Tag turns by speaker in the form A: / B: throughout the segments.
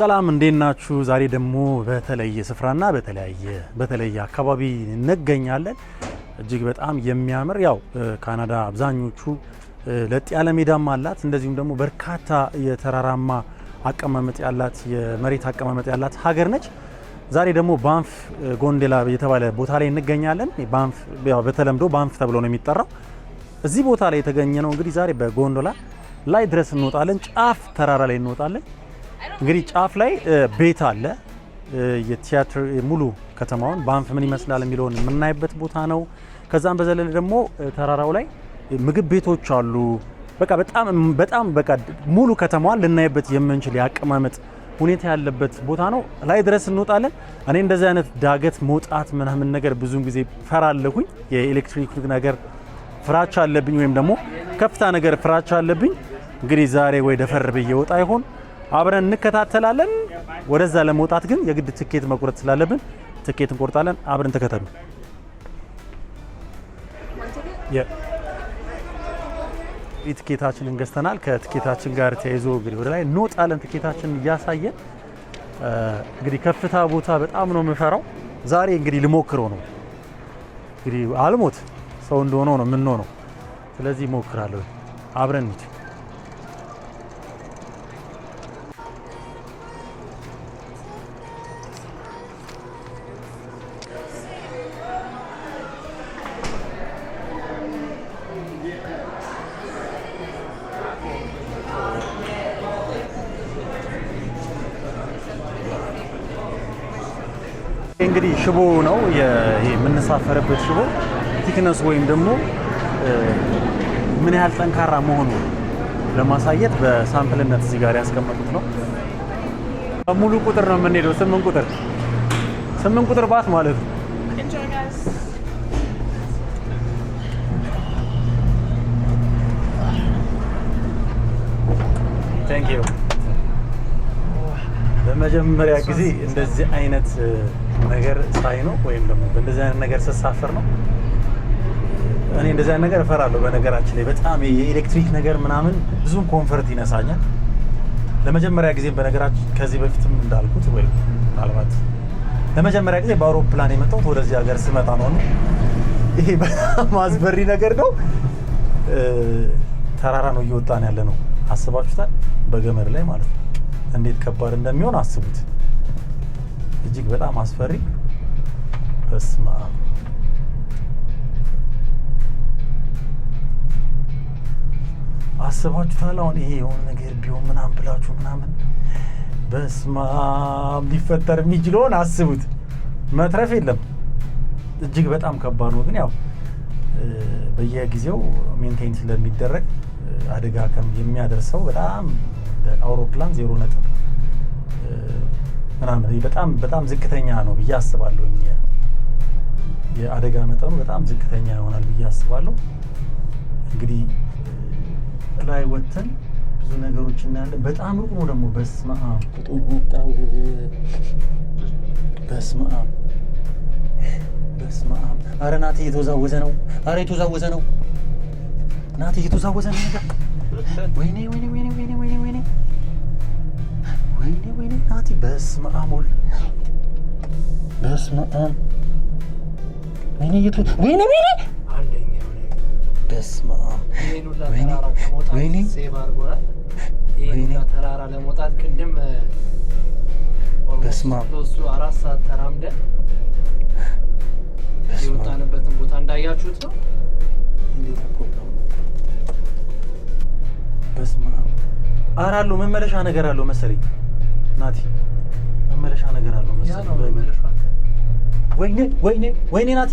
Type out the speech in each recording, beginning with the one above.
A: ሰላም እንዴት ናችሁ? ዛሬ ደግሞ በተለየ ስፍራና በተለያየ በተለየ አካባቢ እንገኛለን። እጅግ በጣም የሚያምር ያው ካናዳ አብዛኞቹ ለጥ ያለ ሜዳማ አላት፣ እንደዚሁም ደግሞ በርካታ የተራራማ አቀማመጥ ያላት የመሬት አቀማመጥ ያላት ሀገር ነች። ዛሬ ደግሞ ባንፍ ጎንዴላ የተባለ ቦታ ላይ እንገኛለን። ባንፍ በተለምዶ ባንፍ ተብሎ ነው የሚጠራው። እዚህ ቦታ ላይ የተገኘ ነው እንግዲህ ዛሬ በጎንዶላ ላይ ድረስ እንወጣለን፣ ጫፍ ተራራ ላይ እንወጣለን። እንግዲህ ጫፍ ላይ ቤት አለ። የቲያትር ሙሉ ከተማውን ባንፍ ምን ይመስላል የሚለውን የምናይበት ቦታ ነው። ከዛም በዘለለ ደግሞ ተራራው ላይ ምግብ ቤቶች አሉ። በቃ በጣም በጣም በቃ ሙሉ ከተማዋን ልናይበት የምንችል የአቀማመጥ ሁኔታ ያለበት ቦታ ነው። ላይ ድረስ እንወጣለን። እኔ እንደዚህ አይነት ዳገት መውጣት ምናምን ነገር ብዙን ጊዜ ፈራለሁኝ። የኤሌክትሪክ ነገር ፍራቻ አለብኝ፣ ወይም ደግሞ ከፍታ ነገር ፍራቻ አለብኝ። እንግዲህ ዛሬ ወይ ደፈር ብዬ ወጣ ይሆን አብረን እንከታተላለን። ወደዛ ለመውጣት ግን የግድ ትኬት መቁረጥ ስላለብን ትኬት እንቆርጣለን። አብረን ተከተሉ። ትኬታችንን ገዝተናል። ከትኬታችን ጋር ተያይዞ እንግዲህ ወደ ላይ እንወጣለን። ትኬታችን እያሳየን እንግዲህ ከፍታ ቦታ በጣም ነው የምፈራው። ዛሬ እንግዲህ ልሞክረው ነው እንግዲህ አልሞት ሰው እንደሆነ ነው የምንሆነው። ስለዚህ ሞክራለሁ። አብረን እንሂድ እንግዲህ ሽቦ ነው የምንሳፈርበት ሽቦ ቲክነስ ወይም ደግሞ ምን ያህል ጠንካራ መሆኑ ለማሳየት በሳምፕልነት እዚህ ጋር ያስቀመጡት ነው። ሙሉ ቁጥር ነው የምንሄደው። ስምንት ቁጥር ስምንት ቁጥር ባት ማለት ነው። በመጀመሪያ ጊዜ እንደዚህ አይነት ነገር ሳይ ነው ወይም ደግሞ በእንደዚህ አይነት ነገር ስሳፈር ነው። እኔ እንደዚህ አይነት ነገር እፈራለሁ። በነገራችን ላይ በጣም የኤሌክትሪክ ነገር ምናምን ብዙም ኮንፈርት ይነሳኛል። ለመጀመሪያ ጊዜ በነገራችን ከዚህ በፊትም እንዳልኩት ወይ ምናልባት ለመጀመሪያ ጊዜ በአውሮፕላን የመጣሁት ወደዚህ ሀገር ስመጣ ነው። ይሄ በጣም አስበሪ ነገር ነው። ተራራ ነው እየወጣን ያለ ነው። አስባችሁታል? በገመድ ላይ ማለት ነው። እንዴት ከባድ እንደሚሆን አስቡት። እጅግ በጣም አስፈሪ በስማ አስባችሁታል? አሁን ይሄ የሆነ ነገር ቢሆን ምናምን ብላችሁ ምናምን በስማ ሊፈጠር የሚችለውን አስቡት። መትረፍ የለም። እጅግ በጣም ከባድ ነው። ግን ያው በየጊዜው ሜንቴን ስለሚደረግ አደጋ ከም የሚያደርሰው በጣም አውሮፕላን ዜሮ ነጥብ ምናምን በጣም በጣም ዝቅተኛ ነው ብዬ አስባለሁኝ። የአደጋ መጠኑ በጣም ዝቅተኛ ይሆናል ብዬ አስባለሁ። እንግዲህ ላይ ወጥተን ብዙ ነገሮች እናያለን። በጣም ቁሙ ደግሞ። በስመ አብ በስመ አብ በስመ አብ። አረ ናት እየተወዛወዘ ነው። አረ የተወዛወዘ ነው ናት እየተወዛወዘ ነው ነገር ወይኔ ወይኔ ናቲ በስመ አብ ወልድ በስመ አብ ወይኔ የቱ ወይኔ ወይኔ በስመ አብ ወይኔ ወይኔ ተራራ ለመውጣት ቅድም በስመ አብ አራት ሰዓት ተራምደን የወጣንበትን ቦታ እንዳያችሁት ነው። ኧረ አለው መመለሻ ነገር አለው መሰለኝ። ናቲ መመለሻ ነገር አለው መሰለኝ። ወይኔ ወይኔ ወይኔ ናቲ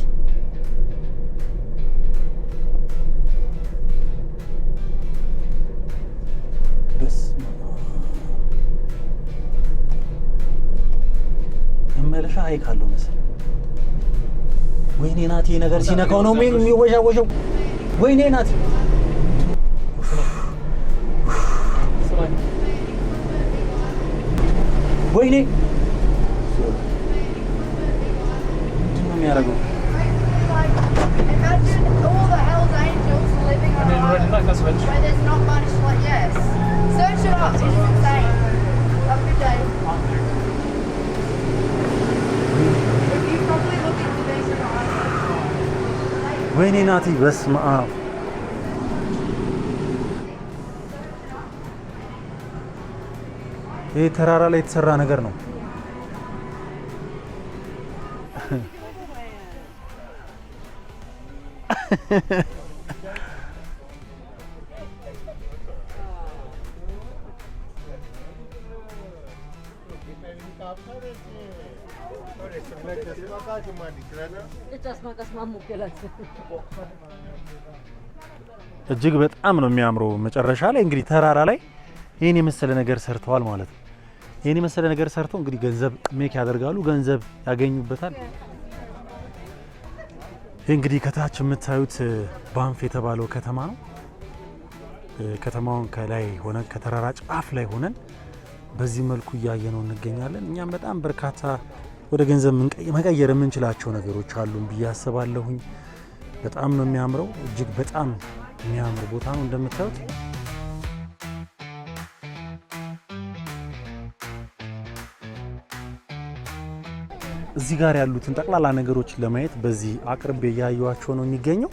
A: መመለሻ ሀይቅ አለው መሰለኝ። ወይኔ ናቲ ነገር ሲነካው ነው የሚወዣወዣው። ወይኔ ናቲ होइन Imagine all the hell's angels living on Imagine like that's rich. Where there's not much, like, yes. Search it up. It's insane. Have a good day. We need not even smile. ይህ ተራራ ላይ የተሰራ ነገር ነው። እጅግ በጣም ነው የሚያምረው። መጨረሻ ላይ እንግዲህ ተራራ ላይ ይህን የመሰለ ነገር ሰርተዋል ማለት ነው። ይህን የመሰለ ነገር ሰርተው እንግዲህ ገንዘብ ሜክ ያደርጋሉ፣ ገንዘብ ያገኙበታል። ይህ እንግዲህ ከታች የምታዩት ባንፍ የተባለው ከተማ ነው። ከተማውን ከላይ ሆነን ከተራራ ጫፍ ላይ ሆነን በዚህ መልኩ እያየነው እንገኛለን። እኛም በጣም በርካታ ወደ ገንዘብ መቀየር የምንችላቸው ነገሮች አሉን ብዬ አስባለሁኝ። በጣም ነው የሚያምረው። እጅግ በጣም የሚያምር ቦታ ነው እንደምታዩት እዚህ ጋር ያሉትን ጠቅላላ ነገሮች ለማየት በዚህ አቅርቤ እያየኋቸው ነው የሚገኘው።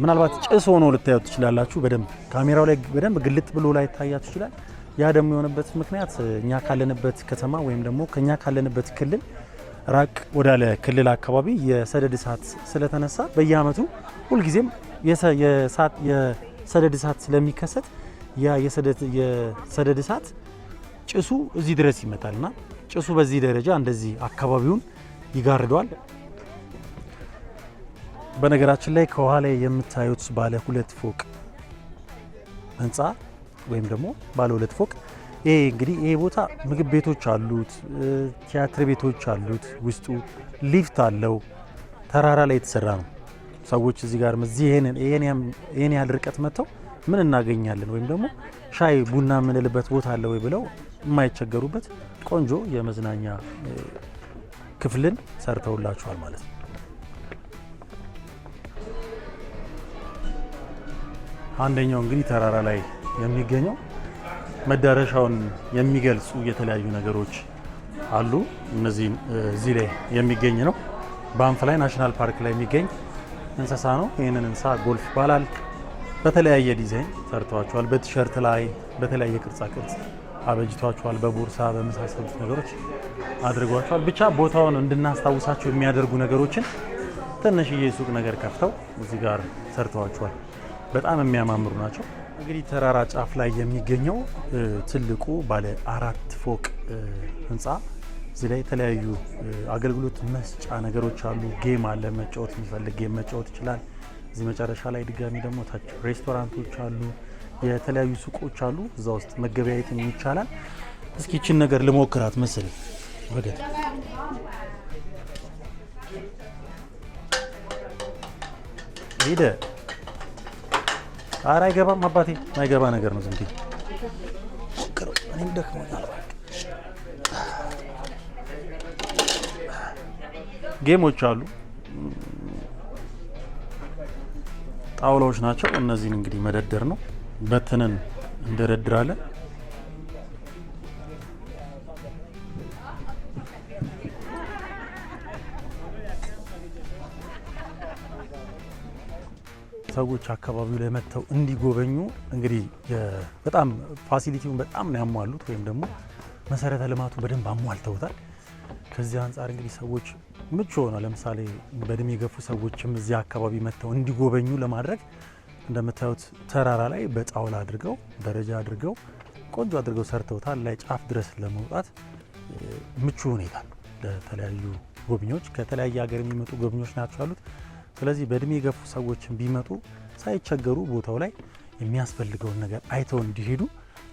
A: ምናልባት ጭስ ሆኖ ልታዩት ትችላላችሁ። በደንብ ካሜራው ላይ በደንብ ግልጥ ብሎ ላይ ታያችሁ ይችላል። ያ ደግሞ የሆነበት ምክንያት እኛ ካለንበት ከተማ ወይም ደግሞ ከኛ ካለንበት ክልል ራቅ ወዳለ ክልል አካባቢ የሰደድ እሳት ስለተነሳ በየአመቱ ሁልጊዜም የሰደድ እሳት ስለሚከሰት ያ የሰደድ እሳት ጭሱ እዚህ ድረስ ይመጣልና ጭሱ በዚህ ደረጃ እንደዚህ አካባቢውን ይጋርደዋል። በነገራችን ላይ ከኋላ የምታዩት ባለ ሁለት ፎቅ ህንፃ ወይም ደግሞ ባለ ሁለት ፎቅ ይሄ እንግዲህ ይሄ ቦታ ምግብ ቤቶች አሉት፣ ቲያትር ቤቶች አሉት፣ ውስጡ ሊፍት አለው። ተራራ ላይ የተሰራ ነው። ሰዎች እዚህ ጋር ይሄን ያህል ርቀት መጥተው ምን እናገኛለን ወይም ደግሞ ሻይ ቡና የምንልበት ቦታ አለ ወይ ብለው የማይቸገሩበት ቆንጆ የመዝናኛ ክፍልን ሰርተውላችኋል ማለት ነው። አንደኛው እንግዲህ ተራራ ላይ የሚገኘው መዳረሻውን የሚገልጹ የተለያዩ ነገሮች አሉ። እነዚህም እዚህ ላይ የሚገኝ ነው። ባንፍ ላይ ናሽናል ፓርክ ላይ የሚገኝ እንስሳ ነው። ይህንን እንስሳ ጎልፍ ይባላል። በተለያየ ዲዛይን ሰርተዋቸዋል። በቲሸርት ላይ በተለያየ ቅርጻ ቅርጽ አበጅቷቸዋል። በቦርሳ በመሳሰሉት ነገሮች አድርጓቸዋል። ብቻ ቦታውን እንድናስታውሳቸው የሚያደርጉ ነገሮችን ትንሽዬ ሱቅ ነገር ከፍተው እዚህ ጋር ሰርተዋቸዋል። በጣም የሚያማምሩ ናቸው። እንግዲህ ተራራ ጫፍ ላይ የሚገኘው ትልቁ ባለ አራት ፎቅ ህንፃ እዚህ ላይ የተለያዩ አገልግሎት መስጫ ነገሮች አሉ። ጌም አለ። መጫወት የሚፈልግ ጌም መጫወት ይችላል። እዚህ መጨረሻ ላይ ድጋሚ ደግሞ ታች ሬስቶራንቶች አሉ፣ የተለያዩ ሱቆች አሉ። እዛ ውስጥ መገበያየትም ይቻላል። እስኪ ይችን ነገር ልሞክራት መሰለኝ በገት ሄደ። ኧረ አይገባም አባቴ፣ አይገባ ነገር ነው። ዝም ብዬ እኔም ደክሞኛል። ጌሞች አሉ ጣውላዎች ናቸው። እነዚህን እንግዲህ መደርደር ነው። በትንን እንደረድራለን። ሰዎች አካባቢው ላይ መጥተው እንዲጎበኙ እንግዲህ በጣም ፋሲሊቲውን በጣም ነው ያሟሉት፣ ወይም ደግሞ መሰረተ ልማቱ በደንብ አሟልተውታል። ከዚህ አንጻር እንግዲህ ሰዎች ምቹ ሆነ ለምሳሌ በእድሜ የገፉ ሰዎችም እዚህ አካባቢ መጥተው እንዲጎበኙ ለማድረግ እንደምታዩት ተራራ ላይ በጣውላ አድርገው ደረጃ አድርገው ቆንጆ አድርገው ሰርተውታል። ላይ ጫፍ ድረስ ለመውጣት ምቹ ሁኔታ ለተለያዩ ጎብኚዎች ከተለያየ ሀገር የሚመጡ ጎብኚዎች ናቸው ያሉት። ስለዚህ በእድሜ የገፉ ሰዎችም ቢመጡ ሳይቸገሩ ቦታው ላይ የሚያስፈልገውን ነገር አይተው እንዲሄዱ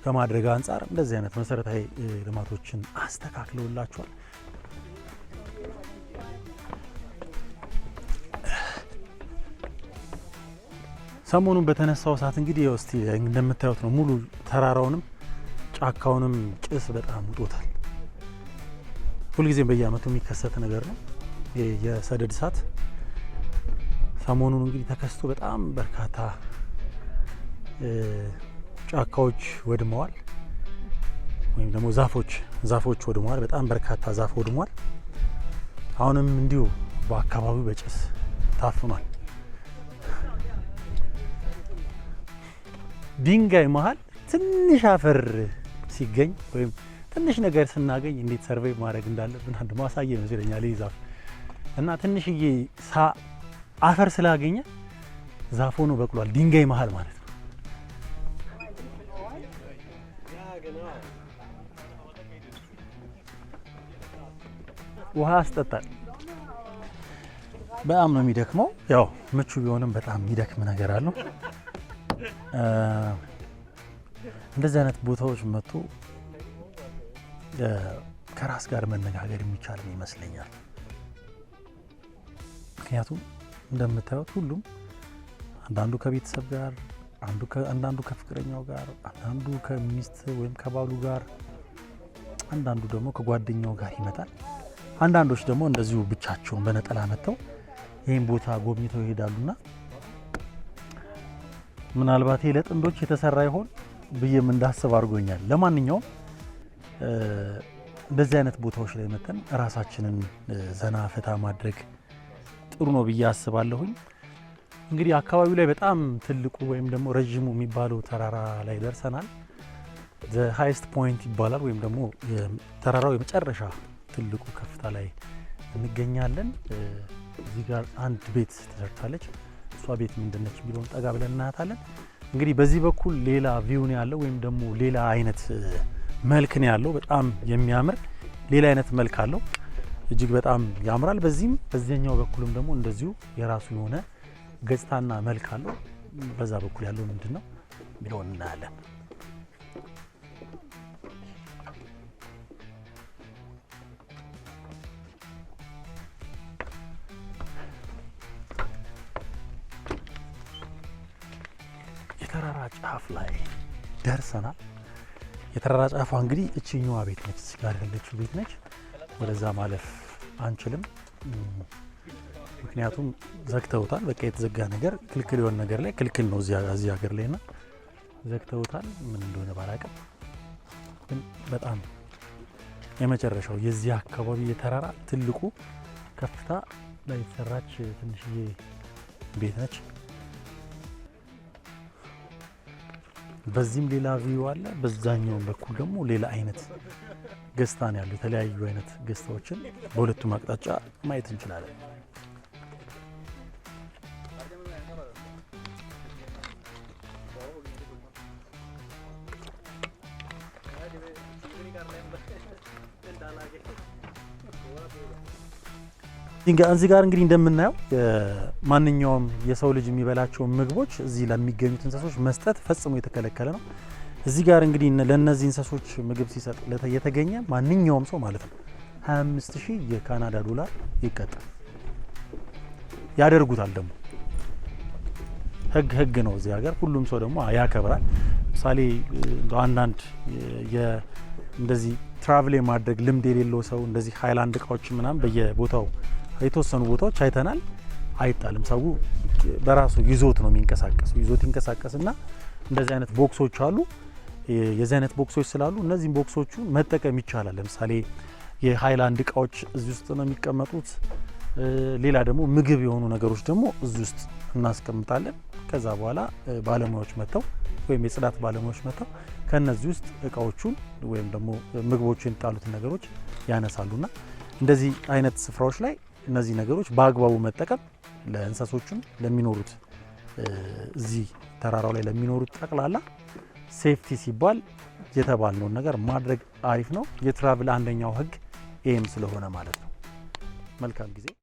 A: ከማድረግ አንጻር እንደዚህ አይነት መሰረታዊ ልማቶችን አስተካክለውላቸዋል። ሰሞኑን በተነሳው እሳት እንግዲህ እስቲ እንደምታዩት ነው። ሙሉ ተራራውንም ጫካውንም ጭስ በጣም ውጦታል። ሁልጊዜም በየአመቱ የሚከሰት ነገር ነው የሰደድ እሳት። ሰሞኑን እንግዲህ ተከስቶ በጣም በርካታ ጫካዎች ወድመዋል፣ ወይም ደግሞ ዛፎች ዛፎች ወድመዋል። በጣም በርካታ ዛፍ ወድሟል። አሁንም እንዲሁ በአካባቢው በጭስ ታፍኗል። ድንጋይ መሀል ትንሽ አፈር ሲገኝ ወይም ትንሽ ነገር ስናገኝ እንዴት ሰርቬይ ማድረግ እንዳለብን አንድ ማሳየ ይመስለኛል ይህ ዛፍ እና ትንሽዬ አፈር ስላገኘ ዛፍ ሆኖ በቅሏል። ድንጋይ መሀል ማለት ነው። ውሃ አስጠጣል። በጣም ነው የሚደክመው። ያው ምቹ ቢሆንም በጣም የሚደክም ነገር አለው። እንደዚህ አይነት ቦታዎች መጥቶ ከራስ ጋር መነጋገር የሚቻል ይመስለኛል። ምክንያቱም እንደምታዩት ሁሉም አንዳንዱ ከቤተሰብ ጋር፣ አንዳንዱ ከፍቅረኛው ጋር፣ አንዳንዱ ከሚስት ወይም ከባሉ ጋር፣ አንዳንዱ ደግሞ ከጓደኛው ጋር ይመጣል። አንዳንዶች ደግሞ እንደዚሁ ብቻቸውን በነጠላ መጥተው ይህን ቦታ ጎብኝተው ይሄዳሉና ምናልባት ለጥንዶች የተሰራ ይሆን ብዬም እንዳስብ አድርጎኛል። ለማንኛውም እንደዚህ አይነት ቦታዎች ላይ መተን ራሳችንን ዘና ፈታ ማድረግ ጥሩ ነው ብዬ አስባለሁኝ። እንግዲህ አካባቢው ላይ በጣም ትልቁ ወይም ደግሞ ረዥሙ የሚባለው ተራራ ላይ ደርሰናል። ዘ ሃይስት ፖይንት ይባላል ወይም ደግሞ ተራራው የመጨረሻ ትልቁ ከፍታ ላይ እንገኛለን። እዚህ ጋር አንድ ቤት ተሰርታለች። እሷ ቤት ምንድነች የሚለውን ጠጋ ብለን እናያታለን። እንግዲህ በዚህ በኩል ሌላ ቪው ያለው ወይም ደግሞ ሌላ አይነት መልክ ነው ያለው። በጣም የሚያምር ሌላ አይነት መልክ አለው። እጅግ በጣም ያምራል። በዚህም በዚህኛው በኩልም ደግሞ እንደዚሁ የራሱ የሆነ ገጽታና መልክ አለው። በዛ በኩል ያለው ምንድን ነው የሚለውን እናያለን። የተራራ ጫፍ ላይ ደርሰናል። የተራራ ጫፏ እንግዲህ እችኛዋ ቤት ነች፣ ጋር ያለችው ቤት ነች። ወደዛ ማለፍ አንችልም፣ ምክንያቱም ዘግተውታል። በቃ የተዘጋ ነገር ክልክል የሆነ ነገር ላይ ክልክል ነው እዚህ ሀገር ላይ ና ዘግተውታል። ምን እንደሆነ ባላቅም ግን በጣም የመጨረሻው የዚህ አካባቢ የተራራ ትልቁ ከፍታ ላይ የተሰራች ትንሽዬ ቤት ነች። በዚህም ሌላ ቪው አለ። በዛኛውም በኩል ደግሞ ሌላ አይነት ገጽታ ነው ያለው። የተለያዩ አይነት ገጽታዎችን በሁለቱም አቅጣጫ ማየት እንችላለን። እዚህ ጋር እንግዲህ እንደምናየው ማንኛውም የሰው ልጅ የሚበላቸውን ምግቦች እዚህ ለሚገኙት እንስሶች መስጠት ፈጽሞ የተከለከለ ነው። እዚህ ጋር እንግዲህ ለእነዚህ እንስሶች ምግብ ሲሰጥ የተገኘ ማንኛውም ሰው ማለት ነው 25 ሺህ የካናዳ ዶላር ይቀጣል። ያደርጉታል ደግሞ ህግ ህግ ነው እዚህ ሀገር ሁሉም ሰው ደግሞ ያከብራል። ምሳሌ አንዳንድ እንደዚህ ትራቭል የማድረግ ልምድ የሌለው ሰው እንደዚህ ሃይላንድ እቃዎች ምናምን በየቦታው የተወሰኑ ቦታዎች አይተናል። አይጣልም። ሰው በራሱ ይዞት ነው የሚንቀሳቀሱ። ይዞት ይንቀሳቀስና እንደዚህ አይነት ቦክሶች አሉ። የዚህ አይነት ቦክሶች ስላሉ እነዚህም ቦክሶቹ መጠቀም ይቻላል። ለምሳሌ የሀይላንድ እቃዎች እዚህ ውስጥ ነው የሚቀመጡት። ሌላ ደግሞ ምግብ የሆኑ ነገሮች ደግሞ እዚህ ውስጥ እናስቀምጣለን። ከዛ በኋላ ባለሙያዎች መጥተው ወይም የጽዳት ባለሙያዎች መጥተው ከነዚህ ውስጥ እቃዎቹን ወይም ደግሞ ምግቦቹ የሚጣሉትን ነገሮች ያነሳሉና እንደዚህ አይነት ስፍራዎች ላይ እነዚህ ነገሮች በአግባቡ መጠቀም ለእንሰሶቹም ለሚኖሩት እዚህ ተራራው ላይ ለሚኖሩት ጠቅላላ ሴፍቲ ሲባል የተባልነውን ነገር ማድረግ አሪፍ ነው። የትራቭል አንደኛው ህግ ኤም ስለሆነ ማለት ነው። መልካም ጊዜ